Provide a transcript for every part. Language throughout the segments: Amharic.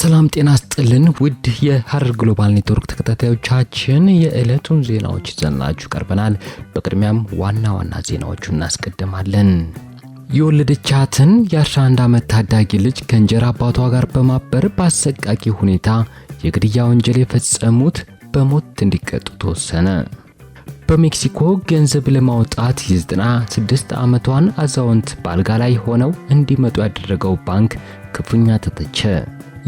ሰላም ጤና ስጥልን ውድ የሀረር ግሎባል ኔትወርክ ተከታታዮቻችን የዕለቱን ዜናዎች ይዘናችሁ ቀርበናል። በቅድሚያም ዋና ዋና ዜናዎቹ እናስቀድማለን። የወለደቻትን የ11 ዓመት ታዳጊ ልጅ ከእንጀራ አባቷ ጋር በማበር በአሰቃቂ ሁኔታ የግድያ ወንጀል የፈጸሙት በሞት እንዲቀጡ ተወሰነ። በሜክሲኮ ገንዘብ ለማውጣት የ96 ዓመቷን አዛውንት በአልጋ ላይ ሆነው እንዲመጡ ያደረገው ባንክ ክፉኛ ተተቸ።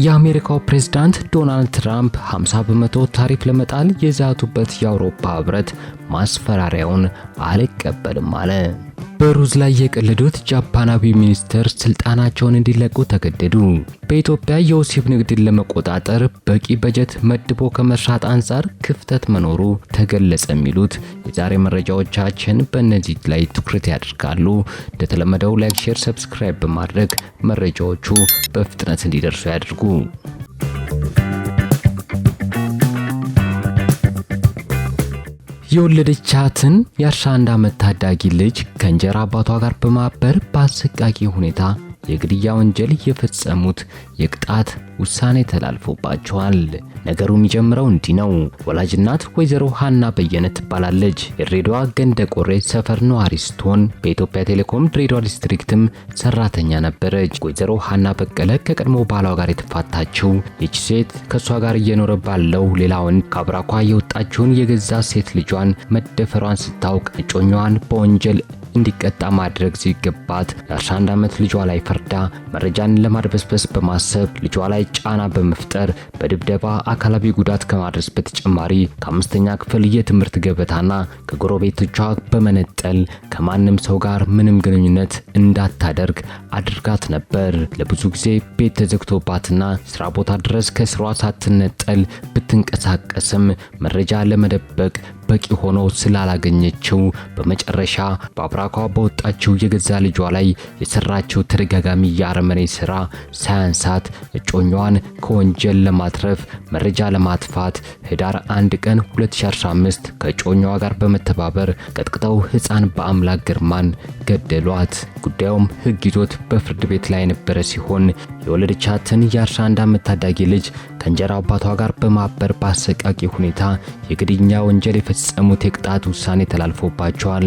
የአሜሪካው ፕሬዝዳንት ዶናልድ ትራምፕ 50 በመቶ ታሪፍ ለመጣል የዛቱበት የአውሮፓ ህብረት ማስፈራሪያውን አልቀበልም አለ። በሩዝ ላይ የቀለዱት ጃፓናዊ ሚኒስትር ስልጣናቸውን እንዲለቁ ተገደዱ። በኢትዮጵያ የወሲብ ንግድን ለመቆጣጠር በቂ በጀት መድቦ ከመስራት አንጻር ክፍተት መኖሩ ተገለጸ። የሚሉት የዛሬ መረጃዎቻችን በእነዚህ ላይ ትኩረት ያደርጋሉ። እንደተለመደው ላይክ፣ ሼር፣ ሰብስክራይብ በማድረግ መረጃዎቹ በፍጥነት እንዲደርሱ ያድርጉ። የወለደቻትን የአስራ አንድ ዓመት ታዳጊ ልጅ ከእንጀራ አባቷ ጋር በማበር በአሰቃቂ ሁኔታ የግድያ ወንጀል የፈጸሙት የቅጣት ውሳኔ ተላልፎባቸዋል። ነገሩ የሚጀምረው እንዲህ ነው። ወላጅ እናት ወይዘሮ ሃና በየነ ትባላለች። የድሬዳዋ ገንደ ቆሬ ሰፈር ነዋሪ ስትሆን በኢትዮጵያ ቴሌኮም ድሬዳዋ ዲስትሪክትም ሰራተኛ ነበረች። ወይዘሮ ሃና በቀለ ከቀድሞ ባሏ ጋር የተፋታችው ይቺ ሴት ከእሷ ጋር እየኖረ ባለው ሌላ ወንድ ከአብራኳ የወጣችውን የገዛ ሴት ልጇን መደፈሯን ስታውቅ እጮኛዋን በወንጀል እንዲቀጣ ማድረግ ሲገባት የ11 ዓመት ልጇ ላይ ፈርዳ መረጃን ለማድበስበስ በማሰብ ልጇ ላይ ጫና በመፍጠር በድብደባ አካላዊ ጉዳት ከማድረስ በተጨማሪ ከአምስተኛ ክፍል የትምህርት ገበታና ከጎረቤቶቿ በመነጠል ከማንም ሰው ጋር ምንም ግንኙነት እንዳታደርግ አድርጋት ነበር። ለብዙ ጊዜ ቤት ተዘግቶባትና ስራ ቦታ ድረስ ከስሯ ሳትነጠል ብትንቀሳቀስም መረጃ ለመደበቅ በቂ ሆኖ ስላላገኘችው በመጨረሻ በአብራኳ በወጣችው የገዛ ልጇ ላይ የሰራችው ተደጋጋሚ የአረመኔ ስራ ሳያንሳት እጮኛዋን ከወንጀል ለማትረፍ መረጃ ለማጥፋት ህዳር 1 ቀን 2015 ከእጮኛዋ ጋር በመተባበር ቀጥቅጠው ህፃን በአምላክ ግርማን ገደሏት። ጉዳዩም ህግ ይዞት በፍርድ ቤት ላይ የነበረ ሲሆን የወለደቻትን የ11 ዓመት ታዳጊ ልጅ ከእንጀራ አባቷ ጋር በማበር በአሰቃቂ ሁኔታ የግድያ ወንጀል የፈ በፈጸሙት የቅጣት ውሳኔ ተላልፎባቸዋል።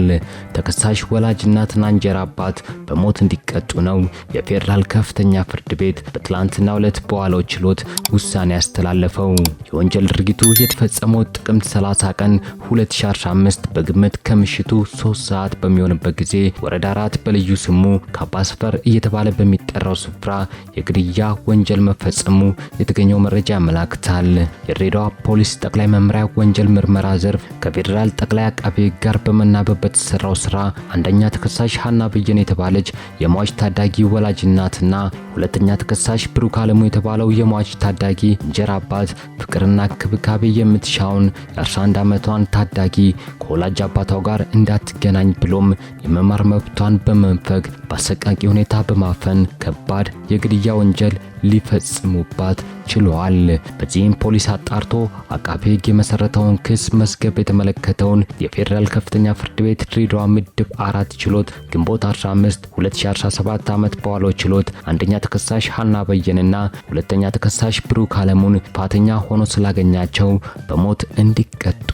ተከሳሽ ወላጅ እናትና እንጀራ አባት በሞት እንዲቀጡ ነው የፌዴራል ከፍተኛ ፍርድ ቤት በትላንትናው ዕለት በዋለው ችሎት ውሳኔ ያስተላለፈው። የወንጀል ድርጊቱ የተፈጸመው ጥቅምት 30 ቀን 2015 በግምት ከምሽቱ 3 ሰዓት በሚሆንበት ጊዜ ወረዳ አራት በልዩ ስሙ ካባስፈር እየተባለ በሚጠራው ስፍራ የግድያ ወንጀል መፈጸሙ የተገኘው መረጃ ያመላክታል። የድሬዳዋ ፖሊስ ጠቅላይ መምሪያ ወንጀል ምርመራ ዘርፍ ከፌዴራል ጠቅላይ አቃቢ ሕግ ጋር በመናበብ በተሰራው ስራ አንደኛ ተከሳሽ ሀና በየነ የተባለች የሟች ታዳጊ ወላጅ እናትና ሁለተኛ ተከሳሽ ብሩክ አለሙ የተባለው የሟች ታዳጊ እንጀራ አባት ፍቅርና ክብካቤ የምትሻውን የ11 ዓመቷን ታዳጊ ከወላጅ አባቷ ጋር እንዳትገናኝ ብሎም የመማር መብቷን በመንፈግ በአሰቃቂ ሁኔታ በማፈን ከባድ የግድያ ወንጀል ሊፈጽሙባት ችሏል። በዚህም ፖሊስ አጣርቶ አቃቤ ሕግ የመሰረተውን ክስ መዝገብ የተመለከተውን የፌዴራል ከፍተኛ ፍርድ ቤት ድሬዳዋ ምድብ አራት ችሎት ግንቦት 15 2017 ዓመት በዋለው ችሎት አንደኛ ተከሳሽ ሀና በየንና ሁለተኛ ተከሳሽ ብሩክ አለሙን ጥፋተኛ ሆኖ ስላገኛቸው በሞት እንዲቀጡ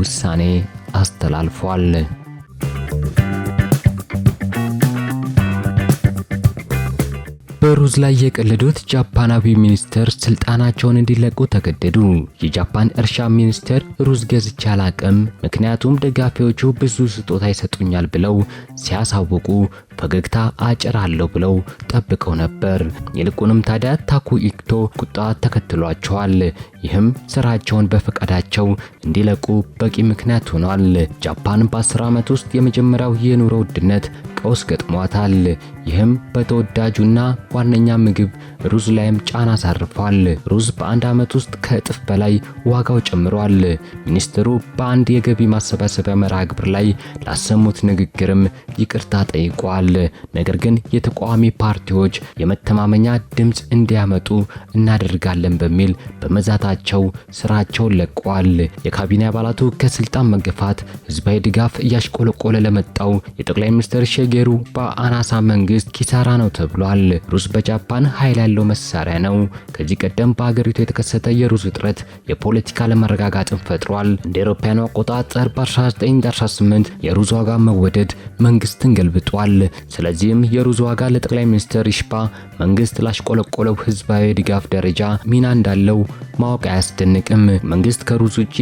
ውሳኔ አስተላልፏል። በሩዝ ላይ የቀለዱት ጃፓናዊ ሚኒስትር ስልጣናቸውን እንዲለቁ ተገደዱ። የጃፓን እርሻ ሚኒስትር ሩዝ ገዝቼ አላቅም፣ ምክንያቱም ደጋፊዎቹ ብዙ ስጦታ ይሰጡኛል ብለው ሲያሳውቁ ፈገግታ አጭራለሁ ብለው ጠብቀው ነበር። ይልቁንም ታዲያ ታኩ ኢክቶ ቁጣ ተከትሏቸዋል። ይህም ስራቸውን በፈቃዳቸው እንዲለቁ በቂ ምክንያት ሆኗል። ጃፓን በ10 ዓመት ውስጥ የመጀመሪያው የኑሮ ውድነት ቀውስ ገጥሟታል። ይህም በተወዳጁና ዋነኛ ምግብ ሩዝ ላይም ጫና አሳርፏል። ሩዝ በአንድ ዓመት ውስጥ ከእጥፍ በላይ ዋጋው ጨምሯል። ሚኒስትሩ በአንድ የገቢ ማሰባሰቢያ መርሃ ግብር ላይ ላሰሙት ንግግርም ይቅርታ ጠይቋል። ነገር ግን የተቃዋሚ ፓርቲዎች የመተማመኛ ድምፅ እንዲያመጡ እናደርጋለን በሚል በመዛታ በመንግስታቸው ስራቸውን ለቀዋል። የካቢኔ አባላቱ ከስልጣን መገፋት ህዝባዊ ድጋፍ እያሽቆለቆለ ለመጣው የጠቅላይ ሚኒስትር ሸገሩ በአናሳ መንግስት ኪሳራ ነው ተብሏል። ሩዝ በጃፓን ኃይል ያለው መሳሪያ ነው። ከዚህ ቀደም በሀገሪቱ የተከሰተ የሩዝ ውጥረት የፖለቲካ ለመረጋጋትን ፈጥሯል። እንደ አውሮፓውያኑ አቆጣጠር በ 1918 የሩዝ ዋጋ መወደድ መንግስትን ገልብጧል። ስለዚህም የሩዝ ዋጋ ለጠቅላይ ሚኒስትር ይሽፓ መንግስት ላሽቆለቆለው ህዝባዊ ድጋፍ ደረጃ ሚና እንዳለው ማወቅ ማወቅ አያስደንቅም። መንግስት ከሩዝ ውጪ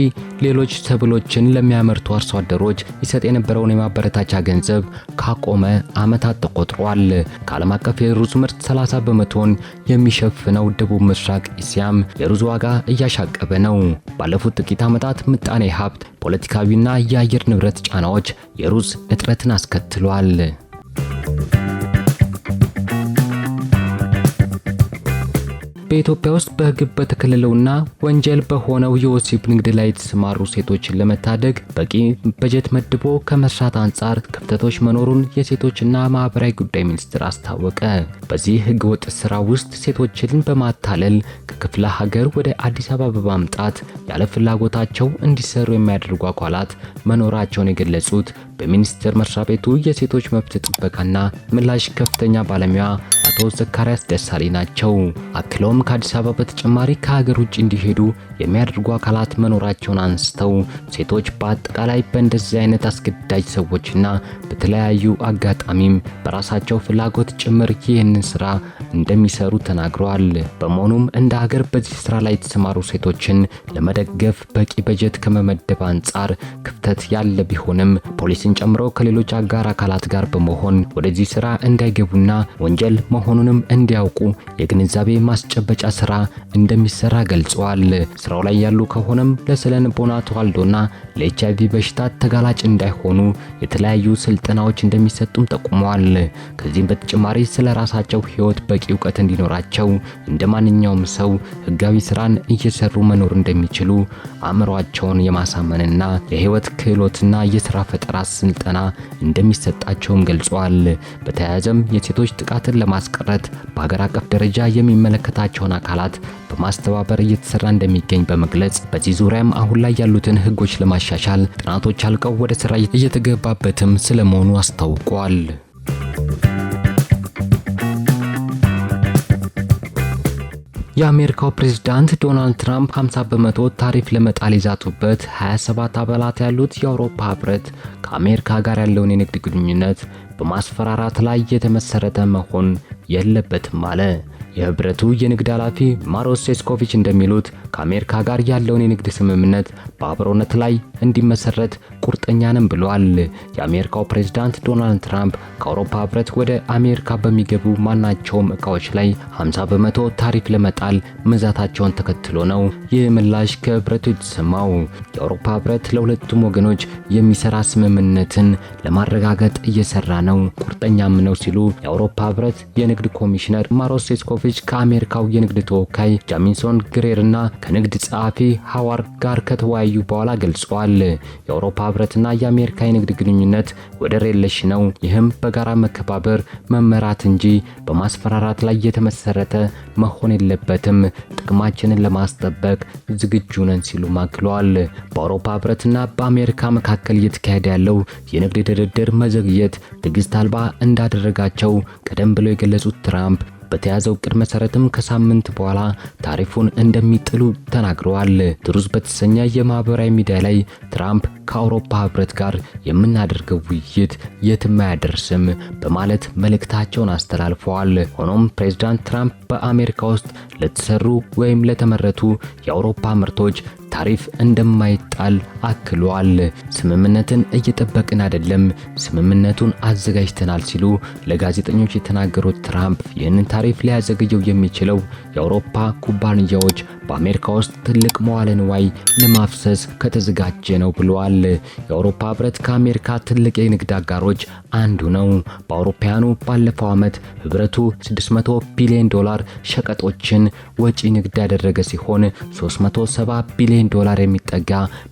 ሌሎች ሰብሎችን ለሚያመርቱ አርሶ አደሮች ይሰጥ የነበረውን የማበረታቻ ገንዘብ ካቆመ ዓመታት ተቆጥሯል። ከዓለም አቀፍ የሩዝ ምርት 30 በመቶን የሚሸፍነው ደቡብ ምስራቅ እስያም የሩዝ ዋጋ እያሻቀበ ነው። ባለፉት ጥቂት ዓመታት ምጣኔ ሀብት፣ ፖለቲካዊና የአየር ንብረት ጫናዎች የሩዝ እጥረትን አስከትሏል። በኢትዮጵያ ውስጥ በህግ በተከለለውና ወንጀል በሆነው የወሲብ ንግድ ላይ የተሰማሩ ሴቶችን ለመታደግ በቂ በጀት መድቦ ከመስራት አንጻር ክፍተቶች መኖሩን የሴቶችና ማህበራዊ ጉዳይ ሚኒስቴር አስታወቀ። በዚህ ሕገ ወጥ ስራ ውስጥ ሴቶችን በማታለል ከክፍለ ሀገር ወደ አዲስ አበባ በማምጣት ያለ ፍላጎታቸው እንዲሰሩ የሚያደርጉ አካላት መኖራቸውን የገለጹት በሚኒስቴር መስሪያ ቤቱ የሴቶች መብት ጥበቃና ምላሽ ከፍተኛ ባለሙያ አቶ ዘካሪያስ ደሳሌ ናቸው። አክለውም ከአዲስ አበባ በተጨማሪ ከሀገር ውጭ እንዲሄዱ የሚያደርጉ አካላት መኖራቸውን አንስተው ሴቶች በአጠቃላይ በእንደዚህ አይነት አስገዳጅ ሰዎችና በተለያዩ አጋጣሚም በራሳቸው ፍላጎት ጭምር ይህንን ስራ እንደሚሰሩ ተናግረዋል። በመሆኑም እንደ ሀገር በዚህ ስራ ላይ የተሰማሩ ሴቶችን ለመደገፍ በቂ በጀት ከመመደብ አንጻር ክፍተት ያለ ቢሆንም ፖሊስን ጨምሮ ከሌሎች አጋር አካላት ጋር በመሆን ወደዚህ ስራ እንዳይገቡና ወንጀል መሆኑንም እንዲያውቁ የግንዛቤ ማስጨበጫ ስራ እንደሚሰራ ገልጸዋል። ስራው ላይ ያሉ ከሆነም ለስነ ልቦና ተዋልዶና ለኤች አይቪ በሽታ ተጋላጭ እንዳይሆኑ የተለያዩ ስልጠናዎች እንደሚሰጡም ጠቁመዋል። ከዚህም በተጨማሪ ስለ ራሳቸው ህይወት በቂ እውቀት እንዲኖራቸው እንደ ማንኛውም ሰው ህጋዊ ስራን እየሰሩ መኖር እንደሚችሉ አእምሯቸውን የማሳመንና የህይወት ክህሎትና የስራ ፈጠራ ስልጠና እንደሚሰጣቸውም ገልጸዋል። በተያያዘም የሴቶች ጥቃትን ለማስ ለማስቀረት በሀገር አቀፍ ደረጃ የሚመለከታቸውን አካላት በማስተባበር እየተሰራ እንደሚገኝ በመግለጽ በዚህ ዙሪያም አሁን ላይ ያሉትን ህጎች ለማሻሻል ጥናቶች አልቀው ወደ ስራ እየተገባበትም ስለመሆኑ አስታውቋል። የአሜሪካው ፕሬዝዳንት ዶናልድ ትራምፕ 50 በመቶ ታሪፍ ለመጣል የዛቱበት 27 አባላት ያሉት የአውሮፓ ህብረት ከአሜሪካ ጋር ያለውን የንግድ ግንኙነት በማስፈራራት ላይ የተመሰረተ መሆን የለበትም አለ። የህብረቱ የንግድ ኃላፊ ማሮስ ሴስኮቪች እንደሚሉት ከአሜሪካ ጋር ያለውን የንግድ ስምምነት በአብሮነት ላይ እንዲመሰረት ቁርጠኛ ነን ብለዋል። የአሜሪካው ፕሬዝዳንት ዶናልድ ትራምፕ ከአውሮፓ ህብረት ወደ አሜሪካ በሚገቡ ማናቸውም እቃዎች ላይ 50 በመቶ ታሪፍ ለመጣል መዛታቸውን ተከትሎ ነው ይህ ምላሽ ከህብረቱ የተሰማው። የአውሮፓ ህብረት ለሁለቱም ወገኖች የሚሰራ ስምምነትን ለማረጋገጥ እየሰራ ነው፣ ቁርጠኛም ነው ሲሉ የአውሮፓ ህብረት የንግድ ኮሚሽነር ማሮስ ሴስኮቪች ልጅ ከአሜሪካው የንግድ ተወካይ ጃሚንሶን ግሬር እና ከንግድ ጸሐፊ ሃዋር ጋር ከተወያዩ በኋላ ገልጿል። የአውሮፓ ህብረትና የአሜሪካ የንግድ ግንኙነት ወደር የለሽ ነው። ይህም በጋራ መከባበር መመራት እንጂ በማስፈራራት ላይ የተመሰረተ መሆን የለበትም። ጥቅማችንን ለማስጠበቅ ዝግጁ ነን ሲሉ ማክለዋል። በአውሮፓ ህብረትና በአሜሪካ መካከል እየተካሄደ ያለው የንግድ ድርድር መዘግየት ትዕግስት አልባ እንዳደረጋቸው ቀደም ብለው የገለጹት ትራምፕ በተያዘው እቅድ መሰረትም ከሳምንት በኋላ ታሪፉን እንደሚጥሉ ተናግረዋል። ትሩዝ በተሰኘ የማህበራዊ ሚዲያ ላይ ትራምፕ ከአውሮፓ ህብረት ጋር የምናደርገው ውይይት የትም አያደርስም በማለት መልእክታቸውን አስተላልፈዋል። ሆኖም ፕሬዚዳንት ትራምፕ በአሜሪካ ውስጥ ለተሰሩ ወይም ለተመረቱ የአውሮፓ ምርቶች ታሪፍ እንደማይጣል አክሏል። ስምምነትን እየጠበቅን አይደለም፣ ስምምነቱን አዘጋጅተናል ሲሉ ለጋዜጠኞች የተናገሩት ትራምፕ ይህንን ታሪፍ ሊያዘግየው የሚችለው የአውሮፓ ኩባንያዎች በአሜሪካ ውስጥ ትልቅ መዋለ ንዋይ ለማፍሰስ ከተዘጋጀ ነው ብለዋል። የአውሮፓ ህብረት ከአሜሪካ ትልቅ የንግድ አጋሮች አንዱ ነው። በአውሮፓውያኑ ባለፈው ዓመት ህብረቱ 600 ቢሊዮን ዶላር ሸቀጦችን ወጪ ንግድ ያደረገ ሲሆን 370 ቢሊዮን ቢሊዮን ዶላር የሚጠጋ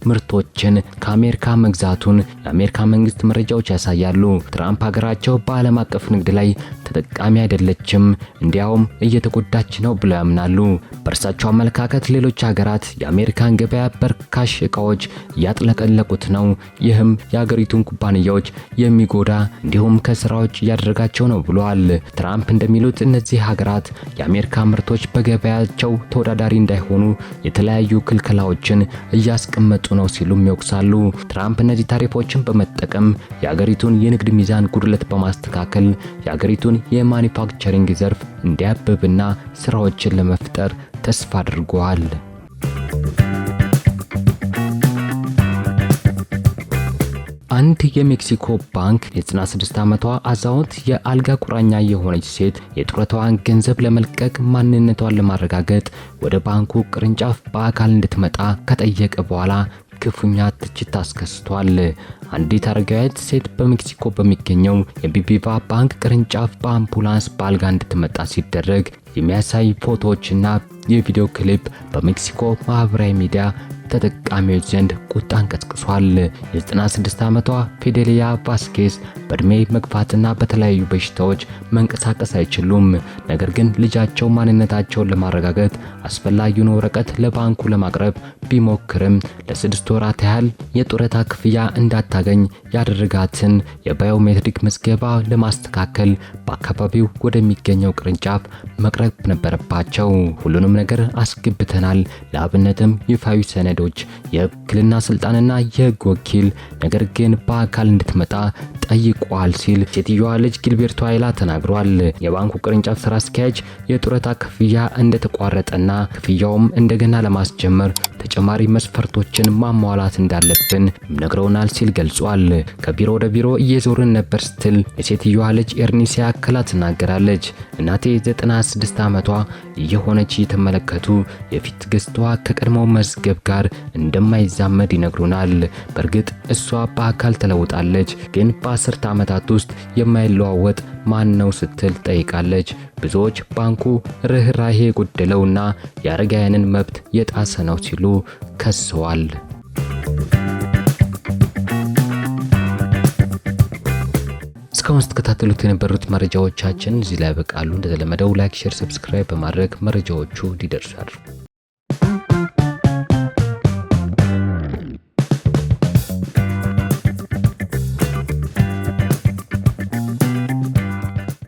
ምርቶችን ከአሜሪካ መግዛቱን የአሜሪካ መንግስት መረጃዎች ያሳያሉ። ትራምፕ ሀገራቸው በዓለም አቀፍ ንግድ ላይ ተጠቃሚ አይደለችም፣ እንዲያውም እየተጎዳች ነው ብለው ያምናሉ። በእርሳቸው አመለካከት ሌሎች ሀገራት የአሜሪካን ገበያ በርካሽ እቃዎች እያጥለቀለቁት ነው። ይህም የሀገሪቱን ኩባንያዎች የሚጎዳ እንዲሁም ከስራዎች እያደረጋቸው ነው ብለዋል። ትራምፕ እንደሚሉት እነዚህ ሀገራት የአሜሪካ ምርቶች በገበያቸው ተወዳዳሪ እንዳይሆኑ የተለያዩ ክልከላዎች ታሪፎችን እያስቀመጡ ነው ሲሉም ይወቅሳሉ። ትራምፕ እነዚህ ታሪፎችን በመጠቀም የአገሪቱን የንግድ ሚዛን ጉድለት በማስተካከል የአገሪቱን የማኒፋክቸሪንግ ዘርፍ እንዲያብብና ስራዎችን ለመፍጠር ተስፋ አድርገዋል። አንድ የሜክሲኮ ባንክ የ96 ዓመቷ አዛውንት የአልጋ ቁራኛ የሆነች ሴት የጡረታዋን ገንዘብ ለመልቀቅ ማንነቷን ለማረጋገጥ ወደ ባንኩ ቅርንጫፍ በአካል እንድትመጣ ከጠየቀ በኋላ ክፉኛ ትችት አስከስቷል። አንዲት አረጋዊት ሴት በሜክሲኮ በሚገኘው የቢቢቫ ባንክ ቅርንጫፍ በአምቡላንስ በአልጋ እንድትመጣ ሲደረግ የሚያሳይ ፎቶዎችና የቪዲዮ ክሊፕ በሜክሲኮ ማህበራዊ ሚዲያ ተጠቃሚዎች ዘንድ ቁጣን ቀስቅሷል። የ96 ዓመቷ ፊዴሊያ ቫስኬዝ በእድሜ መግፋትና በተለያዩ በሽታዎች መንቀሳቀስ አይችሉም። ነገር ግን ልጃቸው ማንነታቸውን ለማረጋገጥ አስፈላጊውን ወረቀት ለባንኩ ለማቅረብ ቢሞክርም ለስድስት ወራት ያህል የጡረታ ክፍያ እንዳታገኝ ያደረጋትን የባዮሜትሪክ ምዝገባ ለማስተካከል በአካባቢው ወደሚገኘው ቅርንጫፍ መቅረብ ነበረባቸው። ሁሉንም ነገር አስገብተናል። ለአብነትም ይፋዊ ሰነዶች፣ የውክልና ስልጣንና የህግ ወኪል፣ ነገር ግን በአካል እንድትመጣ ጠይቋል ሲል ሴትዮዋ ልጅ ጊልቤርቶ አይላ ተናግሯል። የባንኩ ቅርንጫፍ ስራ አስኪያጅ የጡረታ ክፍያ እንደተቋረጠና ክፍያውም እንደገና ለማስጀመር ተጨማሪ መስፈርቶችን ማሟላት እንዳለብን ነግረውናል ሲል ገልጿል። ከቢሮ ወደ ቢሮ እየዞርን ነበር ስትል የሴትዮዋ ልጅ ኤርኒሴ ያክላ ትናገራለች። እናቴ 96 ዓመቷ እየሆነች እየተመለከቱ የፊት ገጽቷ ከቀድሞው መዝገብ ጋር እንደማይዛመድ ይነግሩናል። በእርግጥ እሷ በአካል ተለውጣለች፣ ግን በአስርተ ዓመታት ውስጥ የማይለዋወጥ ማን ነው ስትል ጠይቃለች። ብዙዎች ባንኩ ርኅራሄ የጎደለውና የአረጋውያንን መብት የጣሰ ነው ሲሉ ከሰዋል። እስካሁን ስትከታተሉት የነበሩት መረጃዎቻችን እዚህ ላይ ያበቃሉ። እንደተለመደው ላይክ፣ ሼር፣ ሰብስክራይብ በማድረግ መረጃዎቹ እንዲደርሱ